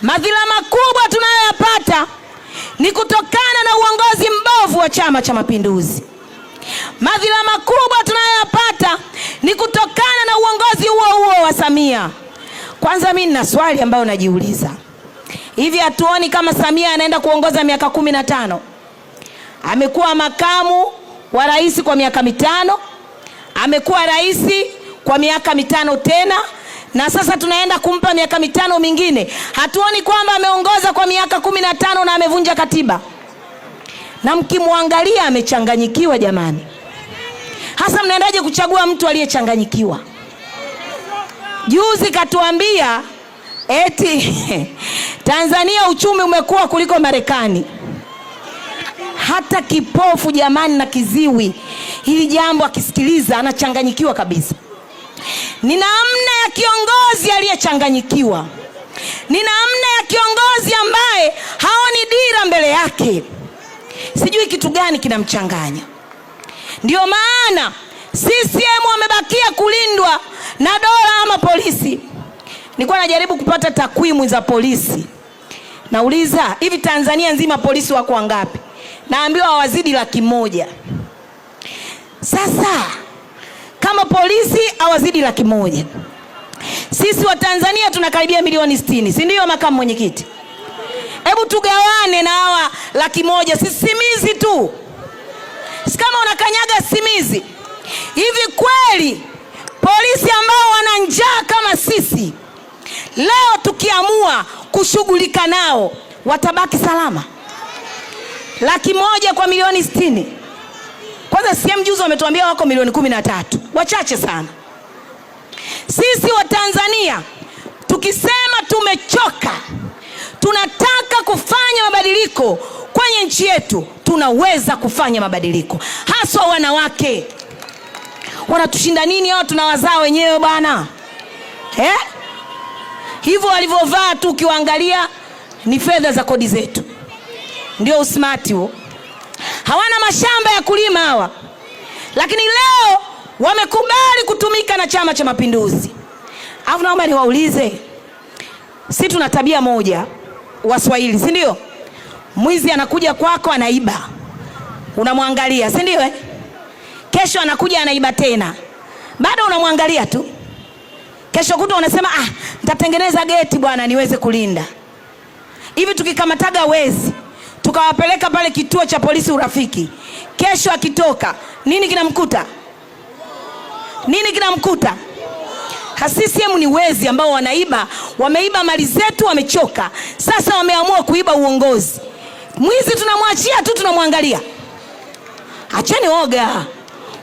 Madhila makubwa tunayoyapata ni kutokana na uongozi mbovu wa Chama cha Mapinduzi. Madhila makubwa tunayoyapata ni kutokana na uongozi huo huo wa Samia. Kwanza mimi nina swali ambayo najiuliza, hivi hatuoni kama Samia anaenda kuongoza miaka kumi na tano? Amekuwa makamu wa rais kwa miaka mitano, amekuwa rais kwa miaka mitano tena na sasa tunaenda kumpa miaka mitano mingine. Hatuoni kwamba ameongoza kwa miaka kumi na tano na amevunja katiba? Na mkimwangalia amechanganyikiwa, jamani. Hasa mnaendaje kuchagua mtu aliyechanganyikiwa? Juzi katuambia eti Tanzania uchumi umekuwa kuliko Marekani. Hata kipofu jamani na kiziwi hili jambo akisikiliza anachanganyikiwa kabisa ni namna ya kiongozi aliyechanganyikiwa, ni namna ya kiongozi ambaye haoni dira mbele yake, sijui kitu gani kinamchanganya. ndio maana CCM wamebakia kulindwa na dola ama polisi. Nilikuwa najaribu kupata takwimu za polisi, nauliza hivi, Tanzania nzima polisi wako wangapi? Naambiwa wazidi laki moja. Sasa kama polisi awazidi laki moja. Sisi Watanzania tunakaribia milioni sitini, si ndio makamu mwenyekiti? Hebu tugawane na hawa laki moja, sisimizi tu, si kama unakanyaga simizi hivi. Kweli polisi ambao wana njaa kama sisi leo tukiamua kushughulika nao watabaki salama? Laki moja kwa milioni sitini kwanza CCM juzi wametuambia wako milioni kumi na tatu, wachache sana. Sisi Watanzania tukisema tumechoka, tunataka kufanya mabadiliko kwenye nchi yetu, tunaweza kufanya mabadiliko, haswa wanawake. Wanatushinda nini hao? Tunawazaa wenyewe bwana eh? Hivyo walivyovaa tu ukiwaangalia ni fedha za kodi zetu, ndio usmati huo hawana mashamba ya kulima hawa, lakini leo wamekubali kutumika na Chama cha Mapinduzi. Alafu naomba niwaulize, si tuna tabia moja Waswahili, si ndio? Mwizi anakuja kwako anaiba, unamwangalia, si ndio? Eh? Kesho anakuja anaiba tena, bado unamwangalia tu. Kesho kuta unasema ah, nitatengeneza geti bwana niweze kulinda. Hivi tukikamataga wezi tukawapeleka pale kituo cha polisi Urafiki. Kesho akitoka nini kinamkuta? Nini kinamkuta? CCM ni wezi ambao wanaiba, wameiba mali zetu, wamechoka. Sasa wameamua kuiba uongozi. Mwizi tunamwachia tu, tunamwangalia. Acheni woga,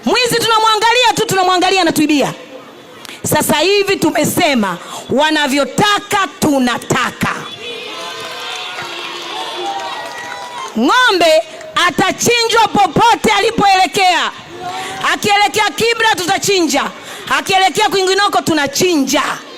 mwizi tunamwangalia tu, tunamwangalia anatuibia. Sasa hivi tumesema wanavyotaka tunataka ng'ombe atachinjwa popote alipoelekea. Akielekea Kibra tutachinja, akielekea kwingineko tunachinja.